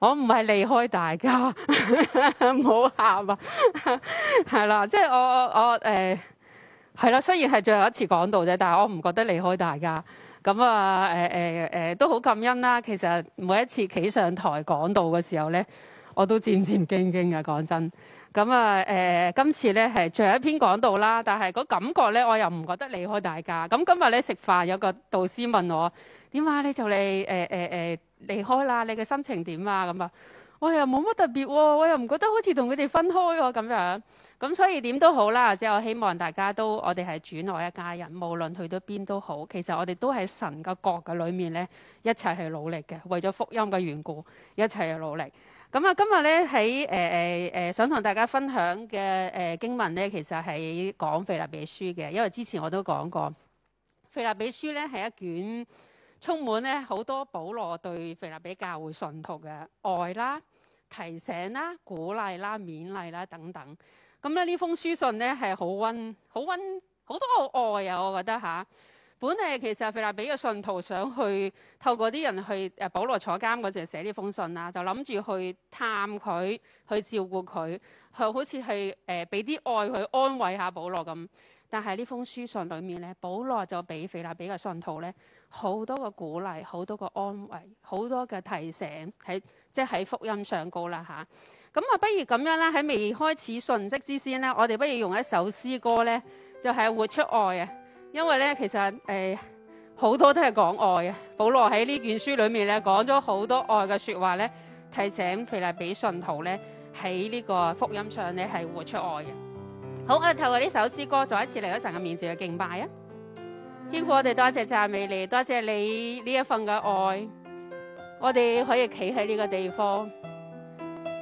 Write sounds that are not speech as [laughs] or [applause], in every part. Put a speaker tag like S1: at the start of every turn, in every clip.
S1: 我唔係離開大家 [laughs] 要哭、啊， [laughs] 唔好喊啊！係啦，即係我我誒係啦。雖然係最後一次講道啫，但係我唔覺得離開大家。咁啊誒誒都好感恩啦。其實每一次企上台講道嘅時候咧，我都戰戰兢兢嘅。講真，咁啊誒今次咧係最後一篇講道啦，但係個感覺咧，我又唔覺得離開大家。咁今日咧食飯有個導師問我點解、啊、你就嚟誒誒離開啦，你嘅心情點、哎、啊？咁、哎、啊，我又冇乜特別，我又唔覺得好似同佢哋分開喎、啊、咁樣。咁所以點都好啦，即係我希望大家都，我哋係主內一家人，無論去到邊都好，其實我哋都係神嘅國嘅裏面咧，一齊去努力嘅，為咗福音嘅緣故，一齊去努力。咁啊，今日咧喺誒誒誒，想同大家分享嘅誒、呃、經文咧，其實係講腓立比書嘅，因為之前我都講過腓立比書咧係一卷。充滿咧好多保羅對腓立比教會信徒嘅愛啦、提醒啦、鼓勵啦、勉勵啦等等。咁咧呢封書信咧係好溫、好溫、好多好愛啊！我覺得嚇。本嚟其實腓立比嘅信徒想去透過啲人去誒保羅坐監嗰陣寫呢封信啦，就諗住去探佢、去照顧佢、去好似去誒俾啲愛去安慰下保羅咁。但係呢封書信裡面咧，保羅就俾腓立比嘅信徒咧。好多個鼓勵，好多個安慰，好多嘅提醒，喺即係喺福音上高啦吓，咁啊，不如咁樣啦。喺未開始訊息之前呢，我哋不如用一首詩歌呢，就係、是、活出愛啊！因為呢，其實誒好、呃、多都係講愛啊。保羅喺呢卷書裡面呢，講咗好多愛嘅説話呢，提醒腓立比信徒呢，喺呢個福音上呢，係活出愛嘅。好，我哋透過呢首詩歌再一次嚟到神嘅面前嘅敬拜啊！天父，我哋多謝讚美你，多謝你呢一份嘅愛，我哋可以企喺呢個地方。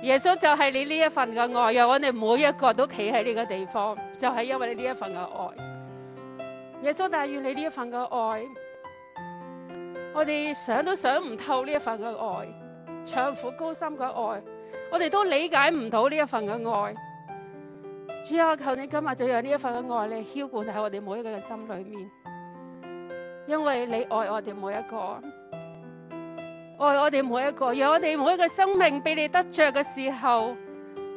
S1: 耶穌就係你呢一份嘅愛，讓我哋每一個都企喺呢個地方，就係因為你呢一份嘅愛。耶穌，但願你呢一份嘅愛，我哋想都想唔透呢一份嘅愛，長闊高深嘅愛，我哋都理解唔到呢一份嘅愛。主啊，求你今日就讓呢一份嘅愛咧，澆灌喺我哋每一個嘅心裏面。因為你愛我哋每一個，愛我哋每一個，讓我哋每一個生命俾你得着嘅時候，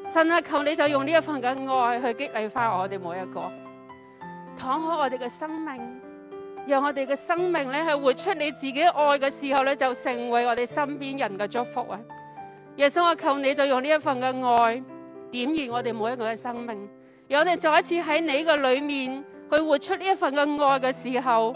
S1: 神啊，求你就用呢一份嘅愛去激勵翻我哋每一個，敞開我哋嘅生命，讓我哋嘅生命咧去活出你自己愛嘅時候咧，就成為我哋身邊人嘅祝福啊！耶穌啊，求你就用呢一份嘅愛點燃我哋每一個嘅生命，讓我哋再一次喺你嘅裏面去活出呢一份嘅愛嘅時候。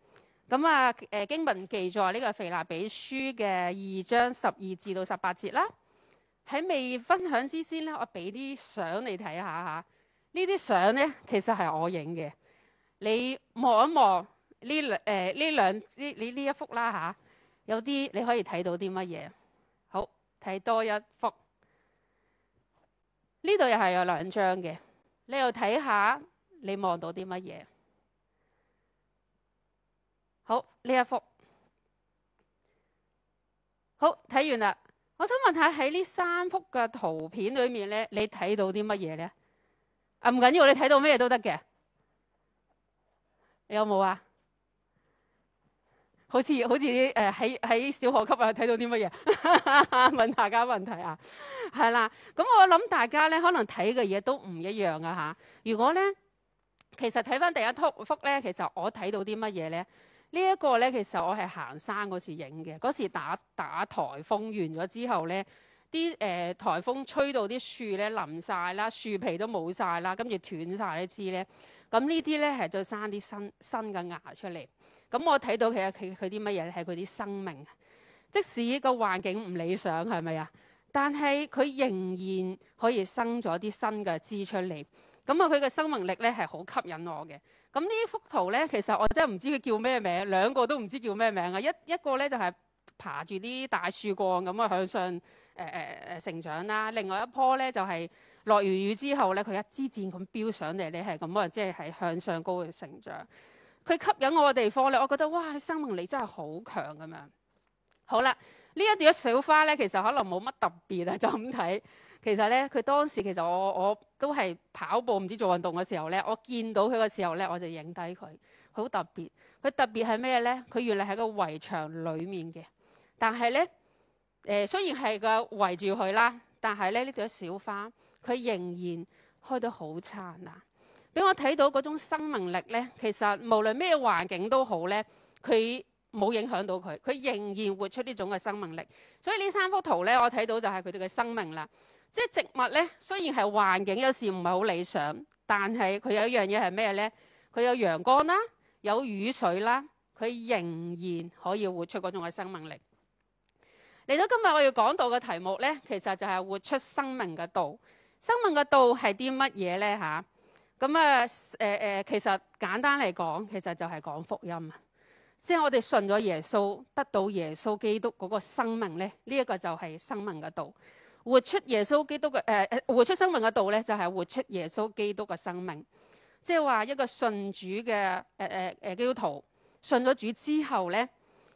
S1: 咁啊，誒經文記載呢個腓立比書嘅二章十二至到十八節啦。喺未分享之先呢，我俾啲相你睇下嚇。呢啲相呢，其實係我影嘅。你望一望呢兩誒呢兩呢你呢一幅啦嚇，有啲你可以睇到啲乜嘢？好，睇多一幅。呢度又係有兩張嘅，你又睇下你望到啲乜嘢？好，呢一幅，好，睇完啦。我想問下喺呢三幅嘅圖片裏面咧，你睇到啲乜嘢咧？啊唔緊要，你睇到咩都得嘅。你有冇啊？好似好似誒喺喺小學級啊睇到啲乜嘢？ [laughs] 問大家問題啊，係啦。咁我諗大家咧可能睇嘅嘢都唔一樣啊吓。如果咧，其實睇翻第一幅幅咧，其實我睇到啲乜嘢咧？這個、呢一個咧，其實我係行山嗰時影嘅。嗰時打打颱風完咗之後咧，啲誒颱風吹到啲樹咧冧晒啦，樹皮都冇晒啦，跟住斷晒啲枝咧。咁呢啲咧係再生啲新新嘅芽出嚟。咁我睇到其實佢佢啲乜嘢咧，係佢啲生命。即使呢個環境唔理想，係咪啊？但係佢仍然可以生咗啲新嘅枝出嚟。咁、嗯、啊，佢嘅生命力咧係好吸引我嘅。咁、嗯、呢幅圖咧，其實我真係唔知佢叫咩名，兩個都唔知叫咩名啊！一一個咧就係、是、爬住啲大樹幹咁啊向上誒誒誒成長啦，另外一樖咧就係落完雨之後咧，佢一支箭咁飆上嚟，你係咁啊，即係係向上高嘅成長。佢吸引我嘅地方咧，我覺得哇，生命力真係好強咁樣。好啦，呢一啲小花咧，其實可能冇乜特別啊，就咁睇。其實咧，佢當時其實我我都係跑步唔知做運動嘅時候咧，我見到佢嘅時候咧，我就影低佢。好特別，佢特別係咩咧？佢原嚟喺個圍牆裡面嘅，但係咧，誒、呃、雖然係個圍住佢啦，但係咧呢這朵小花佢仍然開得好燦爛。俾我睇到嗰種生命力咧。其實無論咩環境都好咧，佢冇影響到佢，佢仍然活出呢種嘅生命力。所以呢三幅圖咧，我睇到就係佢哋嘅生命啦。即係植物咧，雖然係環境有時唔係好理想，但係佢有一樣嘢係咩咧？佢有陽光啦，有雨水啦，佢仍然可以活出嗰種嘅生命力。嚟到今日我要講到嘅題目咧，其實就係活出生命嘅道。生命嘅道係啲乜嘢咧？吓？咁啊誒誒，其實簡單嚟講，其實就係講福音啊！即係我哋信咗耶穌，得到耶穌基督嗰個生命咧，呢一個就係生命嘅道。活出耶穌基督嘅，誒誒，活出生命嘅道咧，就係、是、活出耶穌基督嘅生命。即係話一個信主嘅，誒誒誒，基督徒信咗主之後咧，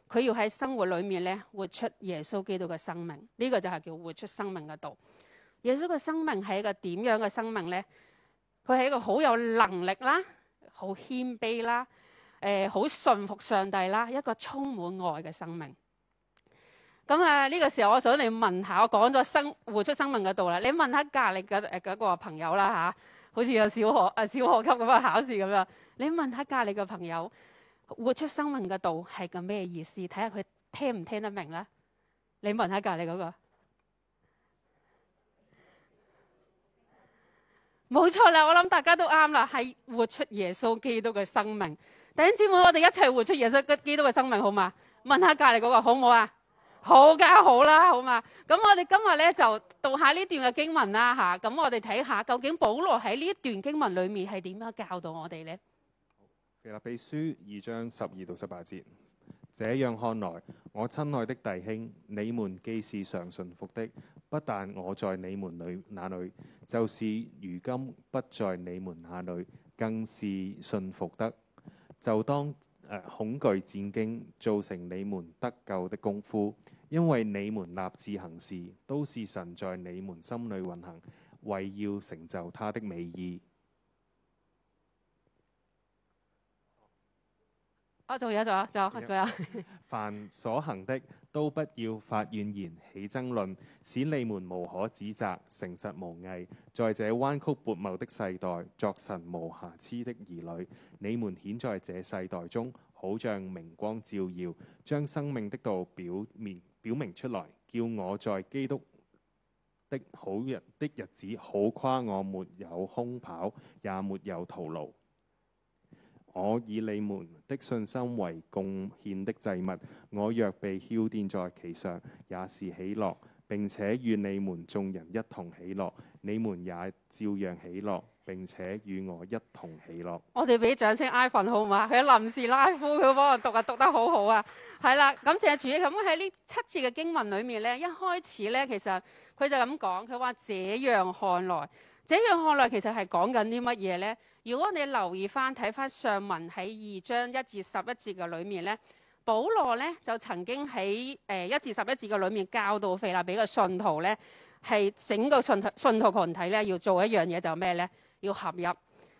S1: 佢要喺生活裏面咧活出耶穌基督嘅生命。呢、這個就係叫活出生命嘅道。耶穌嘅生命係一個點樣嘅生命咧？佢係一個好有能力啦，好謙卑啦，誒、呃，好信服上帝啦，一個充滿愛嘅生命。咁啊，呢個時候我想你問下，我講咗生活出生命嘅道啦。你問下隔籬嘅誒嗰個朋友啦吓，好似有小學啊小學級咁嘅考試咁樣。你問下隔籬嘅朋友，活出生命嘅道係個咩意思？睇下佢聽唔聽得明咧？你問下隔籬嗰個。冇錯啦，我諗大家都啱啦，係活出耶穌基督嘅生命。弟兄姊妹，我哋一齊活出耶穌基督嘅生命，好嘛？問下隔籬嗰個好唔好啊？好嘅，好啦，好嘛。咁我哋今日咧就讀下呢段嘅經文啦，吓，咁我哋睇下究竟保羅喺呢一段經文裏面係點樣教導我哋呢？
S2: 「腓立比書二章十二到十八節。這樣看來，我親愛的弟兄，你們既是常順服的，不但我在你們裏那裏，就是如今不在你們那裏，更是順服的。就當誒、呃、恐懼戰驚造成你們得救的功夫。因為你們立志行事，都是神在你們心裡運行，為要成就他的美意。
S1: 啊，仲有，有，仲有，仲有，仲有。
S2: 凡所行的，都不要發怨言，起爭論，使你們無可指責，誠實無偽。在這彎曲悖謬的世代，作神無瑕疵的兒女，你們顯在這世代中，好像明光照耀，將生命的道表面。表明出來，叫我在基督的好日的日子，好誇我沒有空跑，也沒有徒勞。我以你們的信心為供獻的祭物，我若被澆奠在其上，也是喜樂，並且與你們眾人一同喜樂，你們也照樣喜樂，並且與我一同喜樂。
S1: 我哋俾掌聲 Ivan 好唔好啊？佢臨時拉夫，佢幫我讀啊，讀得好好啊。係啦，感謝主。咁喺呢七節嘅經文裏面咧，一開始咧，其實佢就咁講，佢話這樣看來，這樣看來其實係講緊啲乜嘢咧？如果你留意翻睇翻上文喺二章一至十一節嘅裏面咧，保羅咧就曾經喺、呃、一至十一節嘅裏面教到腓立比嘅信徒咧，係整個信徒信徒羣體咧要做一樣嘢，就咩咧？要合入合要合一，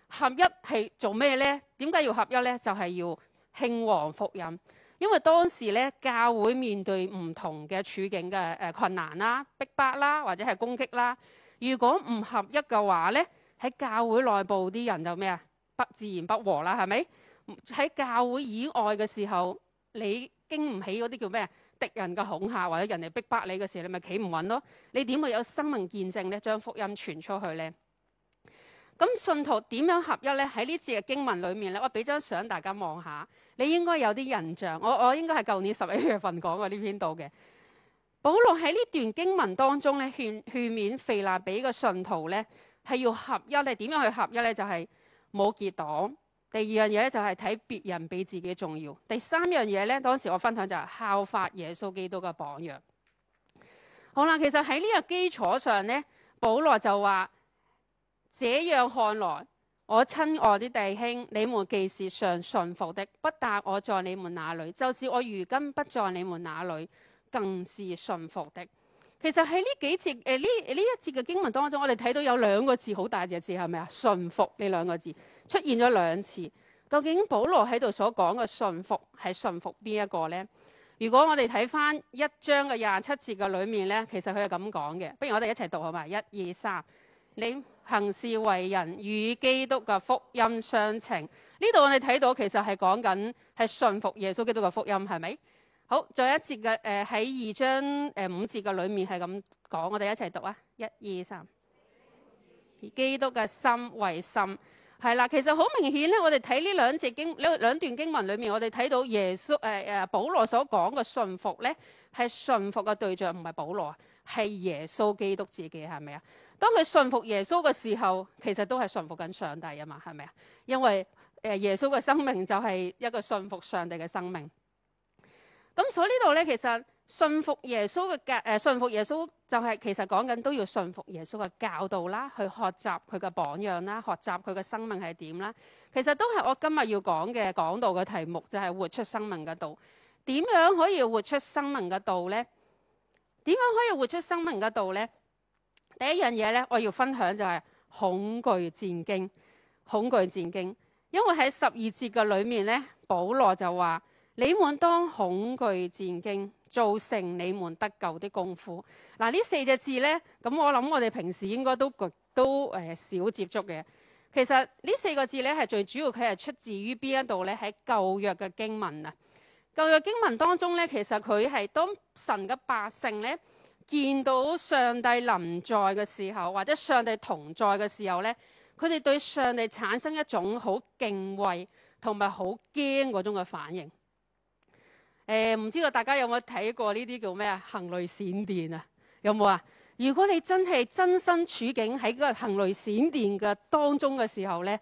S1: 合一係做咩咧？點解要合一咧？就係、是、要興旺福音，因為當時咧，教會面對唔同嘅處境嘅誒困難啦、逼迫啦，或者係攻擊啦。如果唔合一嘅話咧，喺教會內部啲人就咩啊？不自然不和啦，係咪？喺教會以外嘅時候，你經唔起嗰啲叫咩啊？敵人嘅恐嚇或者人哋逼迫你嘅時候，你咪企唔穩咯。你點會有生命見證咧？將福音傳出去咧？咁信徒點樣合一呢？喺呢節嘅經文裏面呢，我俾張相大家望下，你應該有啲印象。我我應該係舊年十一月份講過呢篇度嘅。保羅喺呢段經文當中呢，勸勸勉腓立比嘅信徒呢，係要合一。你點樣去合一呢？就係、是、冇結黨。第二樣嘢咧，就係睇別人比自己重要。第三樣嘢呢，當時我分享就係效法耶穌基督嘅榜樣。好啦，其實喺呢個基礎上呢，保羅就話。這樣看來，我親愛的弟兄，你們既是常順服的，不但我在你們那裡，就是我如今不在你們那裡，更是順服的。其實喺呢幾節誒呢呢一節嘅經文當中，我哋睇到有兩個字好大隻字係咪啊？順服呢兩個字出現咗兩次。究竟保羅喺度所講嘅順服係順服邊一個呢？如果我哋睇翻一章嘅廿七節嘅裡面呢，其實佢係咁講嘅。不如我哋一齊讀好嘛？一二三。你行事為人與基督嘅福音相稱。呢度我哋睇到其實係講緊係信服耶穌基督嘅福音，係咪？好，再一節嘅誒喺二章誒五節嘅裡面係咁講，我哋一齊讀啊，一二三。基督嘅心為心。係啦，其實好明顯咧。我哋睇呢兩節經呢兩段經文裡面，我哋睇到耶穌誒誒保羅所講嘅信服咧，係信服嘅對象唔係保羅，係耶穌基督自己，係咪啊？當佢信服耶穌嘅時候，其實都係信服緊上帝啊嘛，係咪啊？因為耶穌嘅生命就係一個信服上帝嘅生命。咁所以呢度咧，其實信服耶穌嘅教、誒信服耶穌就係、是、其實講緊都要信服耶穌嘅教導啦，去學習佢嘅榜樣啦，學習佢嘅生命係點啦。其實都係我今日要講嘅講道嘅題目，就係、是、活出生命嘅道。點樣可以活出生命嘅道呢？點樣可以活出生命嘅道呢？第一樣嘢咧，我要分享就係恐懼戰驚，恐懼戰驚。因為喺十二節嘅裏面咧，保羅就話，你們當恐懼戰驚，造成你們得救啲功夫。嗱、啊，這四呢四隻字咧，咁我諗我哋平時應該都都誒、啊、少接觸嘅。其實呢四個字咧，係最主要佢係出自於邊一度咧？喺舊約嘅經文啊，舊約經文當中咧，其實佢係當神嘅百姓咧。見到上帝臨在嘅時候，或者上帝同在嘅時候呢，佢哋對上帝產生一種好敬畏同埋好驚嗰種嘅反應。誒、呃，唔知道大家有冇睇過呢啲叫咩啊？行雷閃電啊，有冇啊？如果你真係真身處境喺個行雷閃電嘅當中嘅時候呢，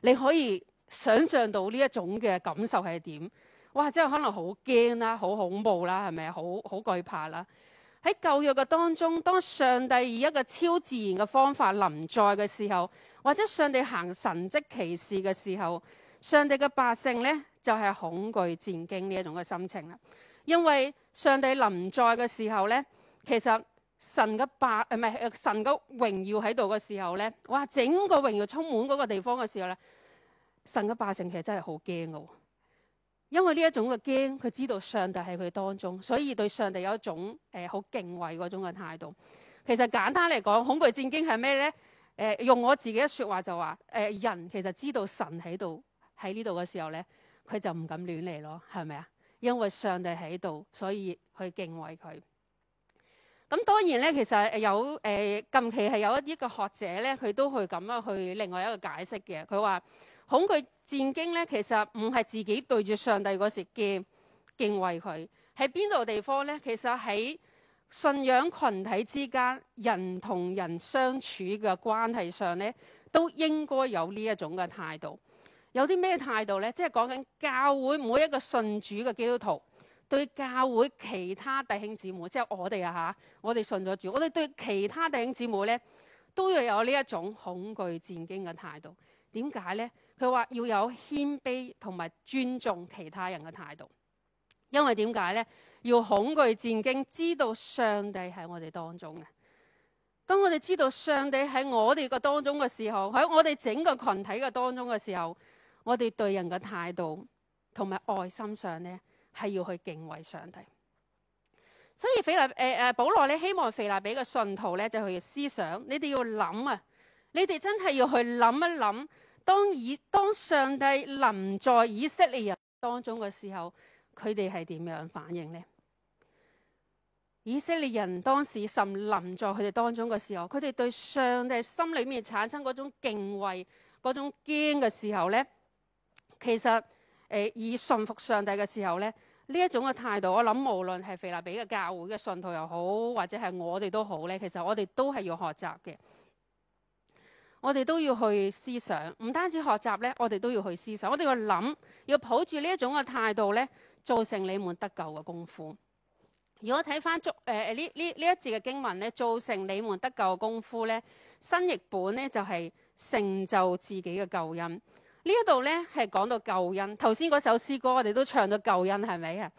S1: 你可以想像到呢一種嘅感受係點？哇！真係可能好驚啦，好恐怖啦，係咪啊？好好懼怕啦～喺舊約嘅當中，當上帝以一個超自然嘅方法臨在嘅時候，或者上帝行神蹟奇事嘅時候，上帝嘅百姓咧就係、是、恐懼戰驚呢一種嘅心情啦。因為上帝臨在嘅時候咧，其實神嘅霸誒唔係神嘅榮耀喺度嘅時候咧，哇，整個榮耀充滿嗰個地方嘅時候咧，神嘅百姓其實真係好驚噶因為呢一種嘅驚，佢知道上帝喺佢當中，所以對上帝有一種誒好、呃、敬畏嗰種嘅態度。其實簡單嚟講，恐懼戰兢係咩呢？誒、呃，用我自己嘅說話就話，誒、呃、人其實知道神喺度喺呢度嘅時候呢，佢就唔敢亂嚟咯，係咪啊？因為上帝喺度，所以去敬畏佢。咁當然呢，其實有誒近期係有一啲嘅學者呢，佢都去咁樣去另外一個解釋嘅。佢話。恐懼戰驚咧，其實唔係自己對住上帝嗰時敬敬畏佢，喺邊度地方咧？其實喺信仰群體之間，人同人相處嘅關係上咧，都應該有呢一種嘅態度。有啲咩態度咧？即係講緊教會每一個信主嘅基督徒，對教會其他弟兄姊妹，即係我哋啊吓，我哋信咗主，我哋對其他弟兄姊妹咧，都要有呢一種恐懼戰驚嘅態度。點解咧？佢話要有謙卑同埋尊重其他人嘅態度，因為點解呢？要恐懼戰兢，知道上帝喺我哋當中嘅。當我哋知道上帝喺我哋個當中嘅時候，喺我哋整個群體嘅當中嘅時候，我哋對人嘅態度同埋愛心上呢係要去敬畏上帝。所以腓立誒誒保羅呢，希望腓立比嘅信徒呢，就去、是、思想你哋要諗啊，你哋真係要去諗一諗。當以當上帝臨在以色列人當中嘅時候，佢哋係點樣反應呢？以色列人當時甚臨在佢哋當中嘅時候，佢哋對上帝心裏面產生嗰種敬畏、嗰種驚嘅時候呢？其實誒、呃、以信服上帝嘅時候呢，呢一種嘅態度，我諗無論係腓立比嘅教會嘅信徒又好，或者係我哋都好呢，其實我哋都係要學習嘅。我哋都要去思想，唔單止學習呢，我哋都要去思想。我哋要諗，要抱住呢一種嘅態度呢，做成你們得救嘅功夫。如果睇翻足誒呢呢一節嘅經文呢，做成你們得救嘅功夫呢，新譯本呢就係成就自己嘅救恩。這裏呢一度呢係講到救恩。頭先嗰首詩歌我哋都唱到救恩，係咪啊？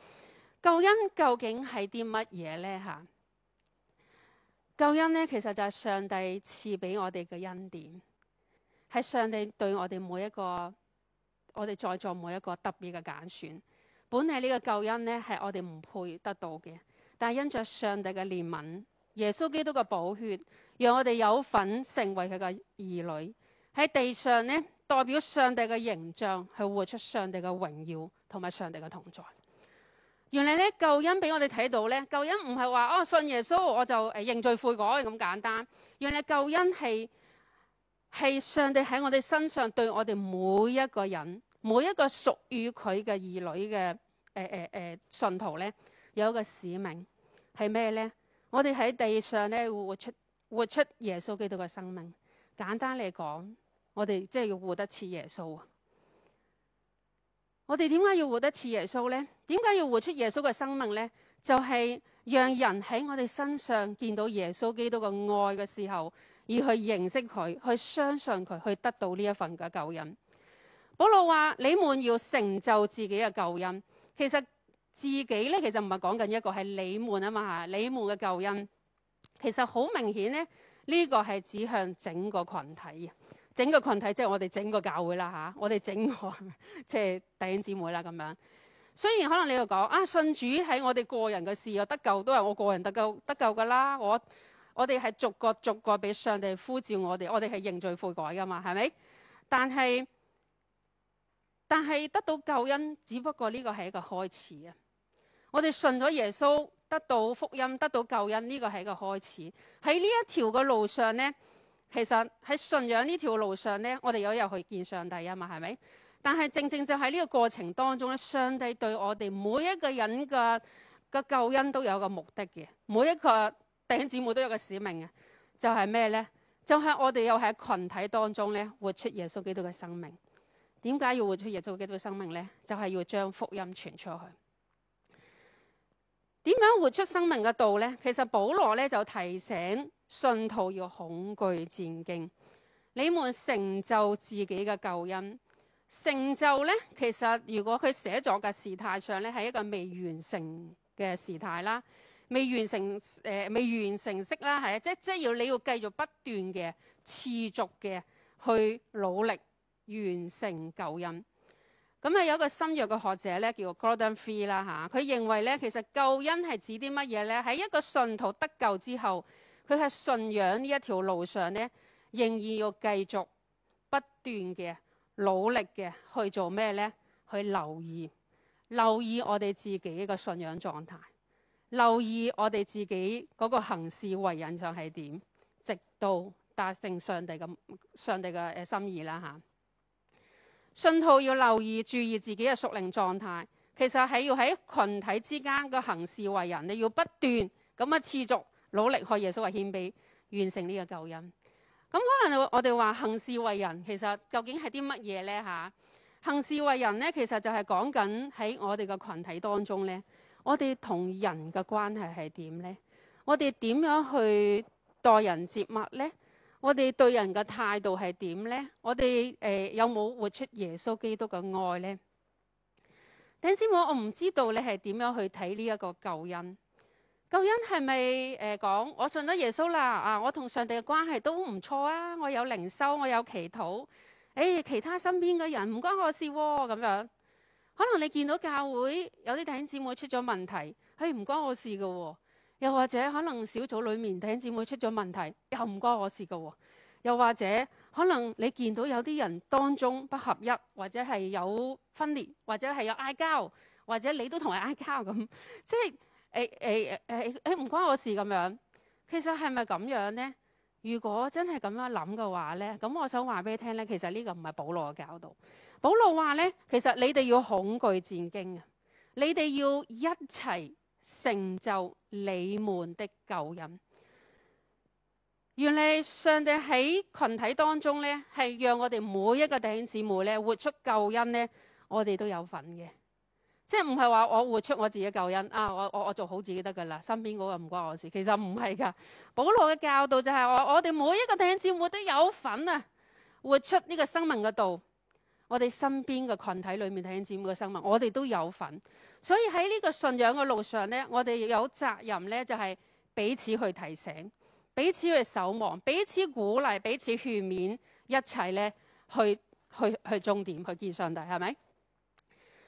S1: 救恩究竟係啲乜嘢呢？吓？救恩呢，其實就係上帝賜俾我哋嘅恩典，係上帝對我哋每一個，我哋在座每一個特別嘅揀選。本嚟呢個救恩呢，係我哋唔配得到嘅，但係因着上帝嘅憐憫，耶穌基督嘅寶血，讓我哋有份成為佢嘅兒女，喺地上呢代表上帝嘅形象，去活出上帝嘅榮耀同埋上帝嘅同在。原來咧，救恩俾我哋睇到咧，救恩唔係話哦，信耶穌我就誒認罪悔改咁簡單。原來救恩係，係上帝喺我哋身上對我哋每一個人，每一個屬於佢嘅兒女嘅誒誒誒信徒咧，有一個使命係咩咧？我哋喺地上咧，活出活出耶穌基督嘅生命。簡單嚟講，我哋即係要活得似耶穌。我哋點解要活得似耶穌呢？點解要活出耶穌嘅生命呢？就係、是、讓人喺我哋身上見到耶穌基督嘅愛嘅時候，而去認識佢，去相信佢，去得到呢一份嘅救恩。保羅話：你們要成就自己嘅救恩。其實自己呢，其實唔係講緊一個，係你們啊嘛，你們嘅救恩。其實好明顯呢，呢、這個係指向整個群體嘅。整個群體即係、就是、我哋整個教會啦吓、啊，我哋整個即係、就是、弟兄姊妹啦咁樣。雖然可能你又講啊，信主喺我哋個人嘅事啊，我得救都係我個人得救得救噶啦。我我哋係逐個逐個俾上帝呼召我哋，我哋係認罪悔改噶嘛，係咪？但係但係得到救恩，只不過呢個係一個開始啊。我哋信咗耶穌，得到福音，得到救恩，呢、這個係一個開始。喺呢一條嘅路上呢。其實喺信仰呢條路上呢，我哋有日去見上帝啊嘛，係咪？但係正正就喺呢個過程當中咧，上帝對我哋每一個人嘅嘅救恩都有個目的嘅，每一個弟兄姊妹都有個使命嘅，就係咩呢？就係我哋又喺群體當中咧，活出耶穌基督嘅生命。點解要活出耶穌基督嘅生命呢？就係要將福音傳出去。點樣活出生命嘅道呢？其實保羅咧就提醒。信徒要恐懼戰兢，你們成就自己嘅救恩。成就咧，其實如果佢寫咗嘅時態上咧，係一個未完成嘅時態啦，未完成誒、呃，未完成式啦，係啊，即即要你要繼續不斷嘅持續嘅去努力完成救恩。咁啊，有一個新約嘅學者咧，叫 Gordon Fee 啦吓，佢認為咧，其實救恩係指啲乜嘢咧？喺一個信徒得救之後。佢係信仰呢一條路上呢，仍然要繼續不斷嘅努力嘅去做咩呢？去留意留意我哋自己個信仰狀態，留意我哋自己嗰個行事為人上係點，直到達成上帝嘅上帝嘅心意啦吓，信徒要留意注意自己嘅屬靈狀態，其實係要喺群體之間嘅行事為人，你要不斷咁啊持續。努力，學耶穌為謙卑完成呢個救恩。咁可能我哋話行事為人，其實究竟係啲乜嘢呢？吓，行事為人呢，其實就係講緊喺我哋嘅群體當中的呢，我哋同人嘅關係係點呢？我哋點樣去待人接物呢？我哋對人嘅態度係點呢？我哋誒有冇活出耶穌基督嘅愛呢？頂先我我唔知道你係點樣去睇呢一個救恩。救恩係咪誒講？我信咗耶穌啦啊！我同上帝嘅關係都唔錯啊！我有靈修，我有祈禱。誒、哎，其他身邊嘅人唔關我事喎、啊、咁樣。可能你見到教會有啲弟兄姊妹出咗問題，誒唔關我事嘅喎、啊。又或者可能小組裡面弟兄姊妹出咗問題又唔關我事嘅喎、啊。又或者可能你見到有啲人當中不合一，或者係有分裂，或者係有嗌交，或者你都同佢嗌交咁，即係。誒誒誒誒誒唔關我事咁樣，其實係咪咁樣呢？如果真係咁樣諗嘅話呢，咁我想話俾你聽呢，其實呢個唔係保羅嘅教導。保羅話呢，其實你哋要恐懼戰驚啊！你哋要一齊成就你們的救恩。原嚟上帝喺群體當中呢，係讓我哋每一個弟兄姊妹呢，活出救恩呢，我哋都有份嘅。即係唔係話我活出我自己嘅救恩啊？我我我做好自己得噶啦，身邊嗰個唔關我事。其實唔係噶，保羅嘅教導就係、是、話：我哋每一個弟兄姊妹都有份啊，活出呢個生命嘅道。我哋身邊嘅群體裏面弟兄姊妹嘅生命，我哋都有份。所以喺呢個信仰嘅路上咧，我哋有責任咧，就係、是、彼此去提醒、彼此去守望、彼此鼓勵、彼此勸勉，一齊咧去去去，去終點去見上帝，係咪？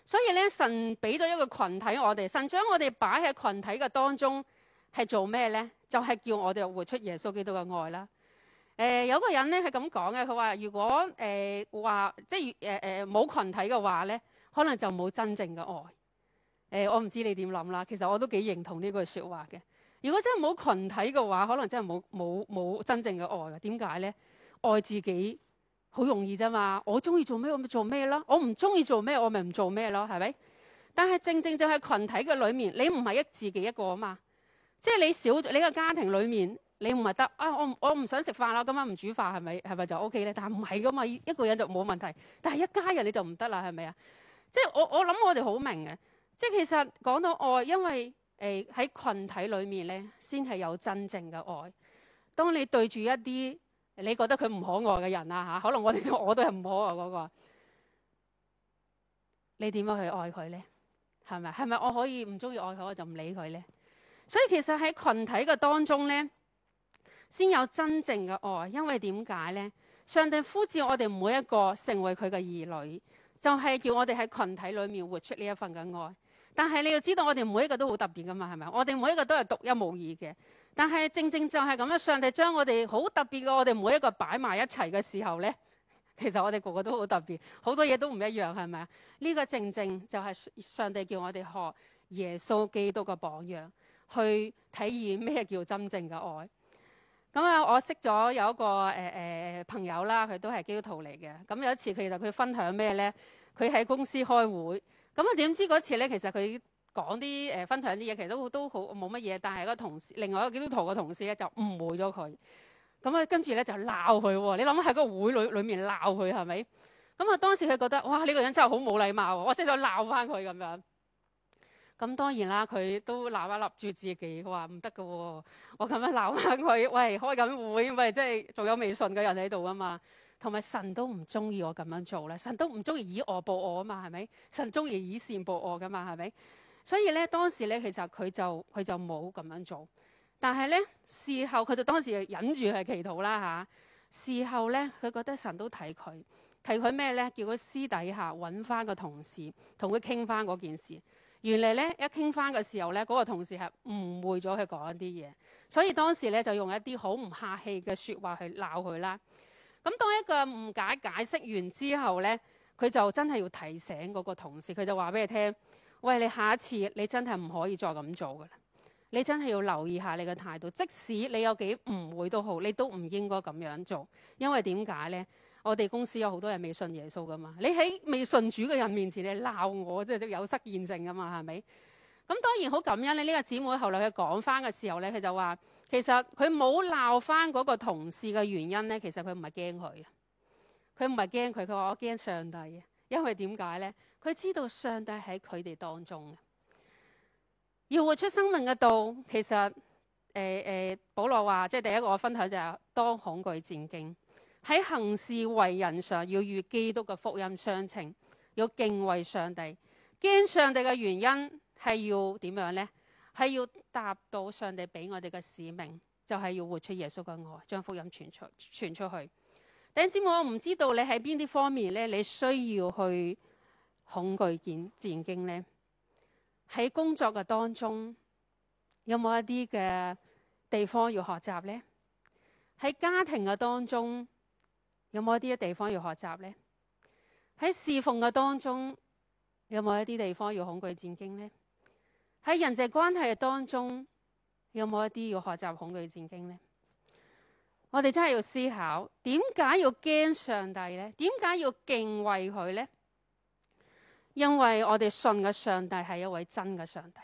S1: 所以咧，神俾咗一個群體我哋，神將我哋擺喺群體嘅當中，係做咩咧？就係叫我哋活出耶穌基督嘅愛啦。誒，有個人咧係咁講嘅，佢話如果誒話，即係誒誒冇群體嘅話咧，可能就冇真正嘅愛。誒，我唔知你點諗啦。其實我都幾認同呢句說話嘅。如果真係冇群體嘅話，可能真係冇冇冇真正嘅愛嘅。點解咧？愛自己。好容易啫嘛！我中意做咩我咪做咩咯，我唔中意做咩我咪唔做咩咯，係咪？但係正正就係群體嘅裏面，你唔係一自己一個啊嘛，即係你少你個家庭裏面，你唔係得啊！我我唔想食飯啦，今晚唔煮飯係咪？係咪就 O K 咧？但係唔係噶嘛，一個人就冇問題，但係一家人你就唔得啦，係咪啊？即係我我諗我哋好明嘅，即係其實講到愛，因為誒喺、呃、群體裏面咧，先係有真正嘅愛。當你對住一啲。你覺得佢唔可愛嘅人啊嚇，可能我哋我都係唔可愛嗰個。你點樣去愛佢呢？係咪？係咪？我可以唔中意愛佢，我就唔理佢呢。所以其實喺群體嘅當中呢，先有真正嘅愛。因為點解呢？上帝呼召我哋每一個成為佢嘅兒女，就係叫我哋喺群體裏面活出呢一份嘅愛。但係你要知道，我哋每一個都好特別噶嘛，係咪？我哋每一個都係獨一無二嘅。但係正正就係咁樣，上帝將我哋好特別嘅，我哋每一個擺埋一齊嘅時候咧，其實我哋個個都好特別，好多嘢都唔一樣，係咪啊？呢、這個正正就係上帝叫我哋學耶穌基督嘅榜樣，去體驗咩叫真正嘅愛。咁啊，我識咗有一個誒誒、呃、朋友啦，佢都係基督徒嚟嘅。咁有一次佢就佢分享咩咧？佢喺公司開會，咁啊點知嗰次咧，其實佢。講啲誒分享啲嘢，其實都都好冇乜嘢。但係個同事，另外一個基督徒個同事咧就誤會咗佢。咁啊，跟住咧就鬧佢。你諗喺個會裏裏面鬧佢，係咪？咁啊，當時佢覺得哇，呢個人真係好冇禮貌喎！我真係想鬧翻佢咁樣。咁當然啦，佢都立立住自己，佢話唔得嘅。我咁樣鬧翻佢，喂，開緊會，喂，即係仲有未信嘅人喺度啊嘛。同埋神都唔中意我咁樣做咧，神都唔中意以惡報惡啊嘛，係咪？神中意以善報惡噶嘛，係咪？所以咧，當時咧，其實佢就佢就冇咁樣做。但係咧，事後佢就當時忍住去祈禱啦嚇。事後咧，佢覺得神都睇佢，睇佢咩咧？叫佢私底下揾翻個同事，同佢傾翻嗰件事。原嚟咧，一傾翻嘅時候咧，嗰個同事係誤會咗佢講啲嘢，所以當時咧就用一啲好唔客氣嘅説話去鬧佢啦。咁當一個誤解解釋完之後咧，佢就真係要提醒嗰個同事，佢就話俾你聽。喂，你下一次你真係唔可以再咁做噶啦！你真係要留意下你嘅態度。即使你有幾唔會都好，你都唔應該咁樣做。因為點解呢？我哋公司有好多人未信耶穌噶嘛。你喺未信主嘅人面前，你鬧我，即係有失見證噶嘛？係咪？咁當然好感恩你呢個姊妹後來佢講翻嘅時候呢，佢就話：其實佢冇鬧翻嗰個同事嘅原因呢，其實佢唔係驚佢，佢唔係驚佢。佢話我驚上帝，因為點解呢？佢知道上帝喺佢哋當中要活出生命嘅道。其實，呃呃、保羅話，即係第一個我分享、就是，就係當恐懼戰兢。喺行事為人上，要與基督嘅福音相稱，要敬畏上帝。敬上帝嘅原因係要點樣呢？係要達到上帝俾我哋嘅使命，就係、是、要活出耶穌嘅愛，將福音傳出傳出去。頂尖我唔知道你喺邊啲方面呢？你需要去。恐懼戰戰兢呢，喺工作嘅當中有冇一啲嘅地方要學習呢？喺家庭嘅當中有冇一啲嘅地方要學習呢？喺侍奉嘅當中有冇一啲地方要恐懼戰兢呢？喺人際關係嘅當中有冇一啲要學習恐懼戰兢呢？我哋真係要思考，點解要驚上帝呢？點解要敬畏佢呢？因為我哋信嘅上帝係一位真嘅上帝，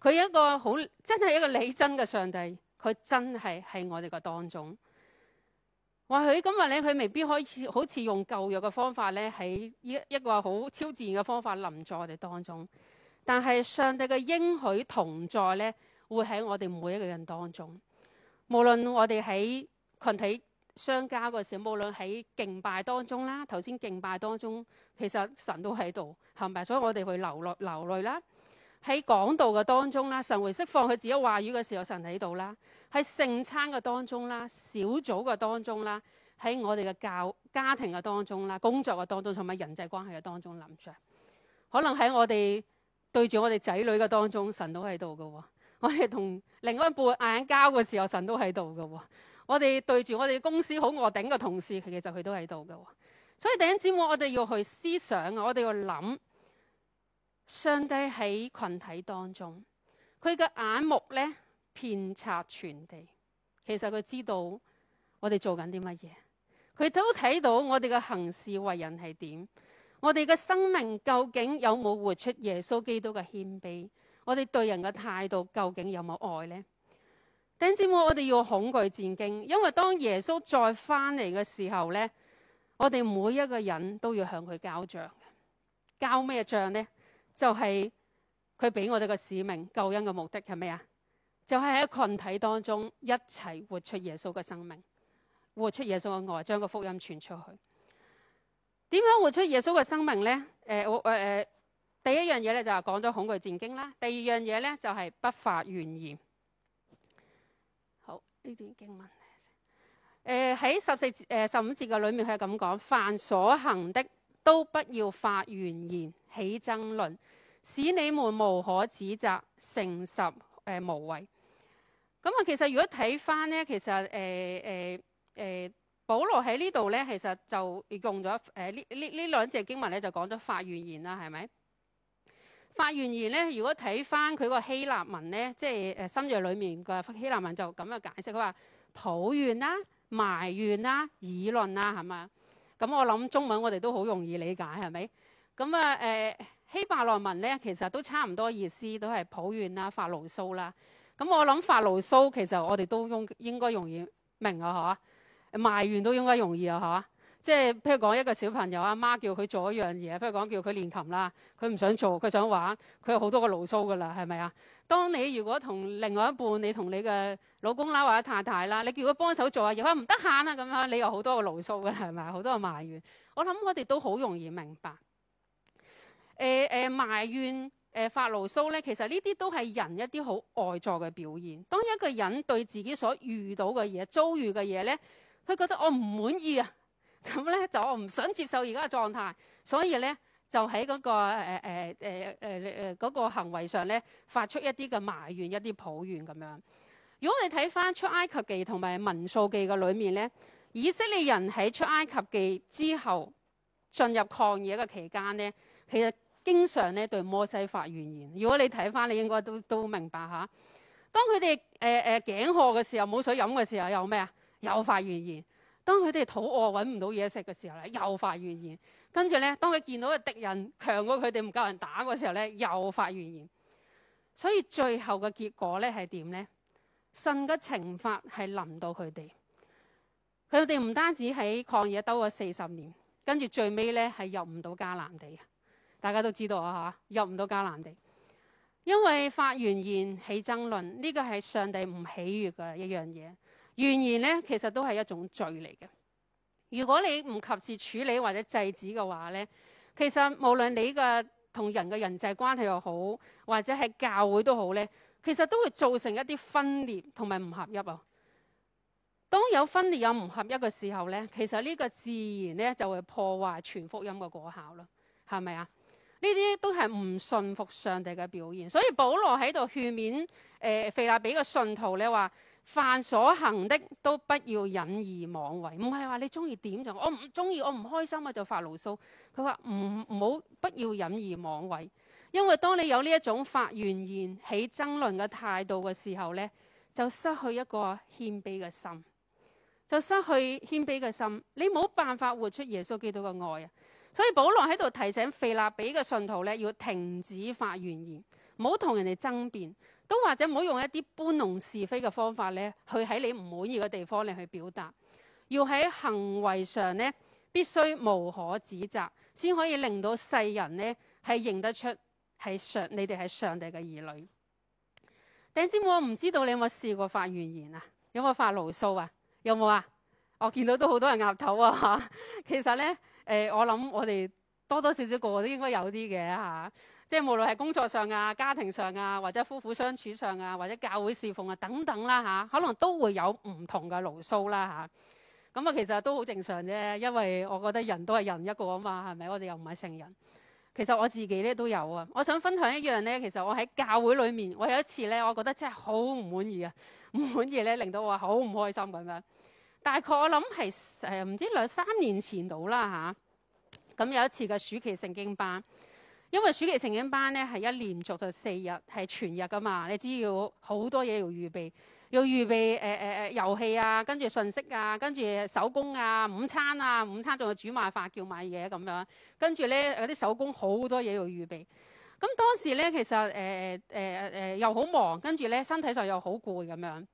S1: 佢一個好真係一個理真嘅上帝，佢真係喺我哋個當中。或許今日咧，佢未必可以好似用舊約嘅方法咧，喺一一個好超自然嘅方法臨在我哋當中。但係上帝嘅應許同在咧，會喺我哋每一個人當中，無論我哋喺群體，相交嘅時候，無論喺敬拜當中啦，頭先敬拜當中，其實神都喺度，係咪？所以我哋會流落、流淚啦。喺講道嘅當中啦，神會釋放佢自己話語嘅時候，神喺度啦。喺聖餐嘅當中啦，小組嘅當中啦，喺我哋嘅教家庭嘅當中啦，工作嘅當中，同埋人際關係嘅當中，臨着。可能喺我哋對住我哋仔女嘅當中，神都喺度嘅喎。我哋同另一半嗌交嘅時候，神都喺度嘅喎。我哋對住我哋公司好惡頂嘅同事，其實佢都喺度嘅。所以第一點，我我哋要去思想啊，我哋要諗上帝喺群體當中，佢嘅眼目呢遍察全地，其實佢知道我哋做緊啲乜嘢，佢都睇到我哋嘅行事為人係點，我哋嘅生命究竟有冇活出耶穌基督嘅謙卑？我哋對人嘅態度究竟有冇愛呢？甚至我我哋要恐懼戰兢，因為當耶穌再返嚟嘅時候呢，我哋每一個人都要向佢交賬。交咩賬呢？就係佢俾我哋個使命、救恩嘅目的係咩？啊？就係、是、喺群體當中一齊活出耶穌嘅生命，活出耶穌嘅愛，將個福音傳出去。點樣活出耶穌嘅生命呢？誒、呃，我誒誒，第一樣嘢咧就係講咗恐懼戰兢啦。第二樣嘢呢，就係不發怨言。呢段經文誒喺、呃、十四節誒、呃、十五節嘅裏面佢係咁講，凡所行的都不要發怨言起爭論，使你們無可指責，誠實誒、呃、無偽。咁、呃、啊，其實如果睇翻咧，其實誒誒誒，保羅喺呢度咧，其實就用咗誒呢呢呢兩隻經文咧，就講咗發怨言啦，係咪？發怨言咧，如果睇翻佢個希臘文咧，即係誒新約裏面嘅希臘文就咁樣解釋，佢話抱怨啦、啊、埋怨啦、啊、議論啦、啊，係嘛？咁我諗中文我哋都好容易理解，係咪？咁啊誒希伯來文咧，其實都差唔多意思，都係抱怨啦、啊、發牢騷啦、啊。咁我諗發牢騷其實我哋都應應該容易明啊，嗬？埋怨都應該容易啊，嗬？即係譬如講一個小朋友，阿媽叫佢做一樣嘢，譬如講叫佢練琴啦，佢唔想做，佢想玩，佢有好多個牢騷噶啦，係咪啊？當你如果同另外一半，你同你嘅老公啦或者太太啦，你叫佢幫手做啊，而家唔得閒啊，咁樣你有好多個牢騷嘅，係咪？好多個埋怨，我諗我哋都好容易明白。誒、呃、誒埋怨誒、呃、發牢騷咧，其實呢啲都係人一啲好外在嘅表現。當一個人對自己所遇到嘅嘢、遭遇嘅嘢咧，佢覺得我唔滿意啊！咁咧就我唔想接受而家嘅狀態，所以咧就喺嗰個誒誒誒誒誒嗰個行為上咧，發出一啲嘅埋怨、一啲抱怨咁樣。如果你睇翻出埃及記同埋民數記嘅裏面咧，以色列人喺出埃及記之後進入曠野嘅期間咧，其實經常咧對摩西發怨言。如果你睇翻，你應該都都明白嚇。當佢哋誒誒頸渴嘅時候，冇水飲嘅時候，有咩啊？又發怨言。當佢哋肚餓搵唔到嘢食嘅時候咧，又發怨言。跟住呢，當佢見到個敵人強過佢哋唔夠人打嘅時候咧，又發怨言。所以最後嘅結果呢係點呢？神嘅懲罰係臨到佢哋，佢哋唔單止喺曠野兜咗四十年，跟住最尾呢係入唔到迦南地。大家都知道啊吓，入唔到迦南地，因為發怨言起爭論，呢個係上帝唔喜悅嘅一樣嘢。怨言咧，其實都係一種罪嚟嘅。如果你唔及時處理或者制止嘅話咧，其實無論你嘅同人嘅人際關係又好，或者係教會都好咧，其實都會造成一啲分裂同埋唔合一啊。當有分裂又唔合一嘅時候咧，其實呢個自然咧就會破壞全福音嘅果效咯，係咪啊？呢啲都係唔信服上帝嘅表現。所以保羅喺度勸勉誒腓立比嘅信徒咧話。說凡所行的，都不要隱而妄為。唔係話你中意點就，我唔中意，我唔開心我就發牢騷。佢話唔唔好，不要隱而妄為，因為當你有呢一種發怨言，言、起爭論嘅態度嘅時候呢，就失去一個謙卑嘅心，就失去謙卑嘅心。你冇辦法活出耶穌基督嘅愛啊！所以保羅喺度提醒腓立比嘅信徒呢，要停止發怨言，言，唔好同人哋爭辯。都或者唔好用一啲搬弄是非嘅方法咧，去喺你唔滿意嘅地方嚟去表達。要喺行為上咧，必須無可指責，先可以令到世人咧係認得出係上你哋係上帝嘅兒女。點知，我唔知道你有冇試過發怨言，言啊？有冇發牢騷啊？有冇啊？我見到都好多人岌頭啊！吓， [laughs] 其實咧，誒、呃，我諗我哋多多少少個個都應該有啲嘅吓。啊。即係無論係工作上啊、家庭上啊，或者夫婦相處上啊，或者教會侍奉啊等等啦、啊、吓，可能都會有唔同嘅牢騷啦吓。咁啊、嗯，其實都好正常啫，因為我覺得人都係人一個啊嘛，係咪？我哋又唔係聖人。其實我自己咧都有啊。我想分享一樣咧，其實我喺教會裏面，我有一次咧，我覺得真係好唔滿意啊，唔滿意咧令到我好唔開心咁樣。大概我諗係係唔知兩三年前到啦吓。咁、啊嗯、有一次嘅暑期聖經班。因為暑期聖經班咧係一連續就四日係全日噶嘛，你知要好多嘢要預備，要預備誒誒誒遊戲啊，跟住信息啊，跟住手工啊，午餐啊，午餐仲有煮埋飯叫埋嘢咁樣，跟住咧嗰啲手工好多嘢要預備。咁當時咧其實誒誒誒又好忙，跟住咧身體上又好攰咁樣。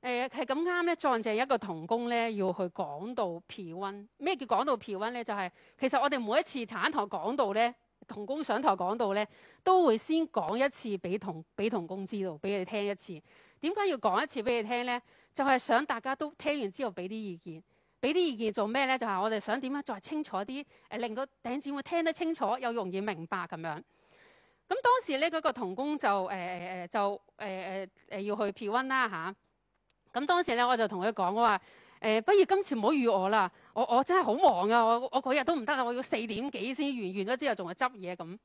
S1: 誒係咁啱咧，撞正一個同工咧要去講道 P 溫。咩叫講道 P 溫咧？就係、是、其實我哋每一次產堂講道咧。同工上台講到咧，都會先講一次俾同俾同工知道，俾佢哋聽一次。點解要講一次俾佢聽咧？就係想大家都聽完之後俾啲意見，俾啲意見做咩咧？就係我哋想點樣再清楚啲，誒令到頂尖會聽得清楚又容易明白咁樣。咁當時咧嗰個同工就誒誒誒就誒誒誒要去票温啦嚇。咁當時咧我就同佢講我話誒，不如今次唔好預我啦。我，我真係好忙啊！我我嗰日都唔得啦，我要四點幾先完。完咗之後仲係執嘢咁。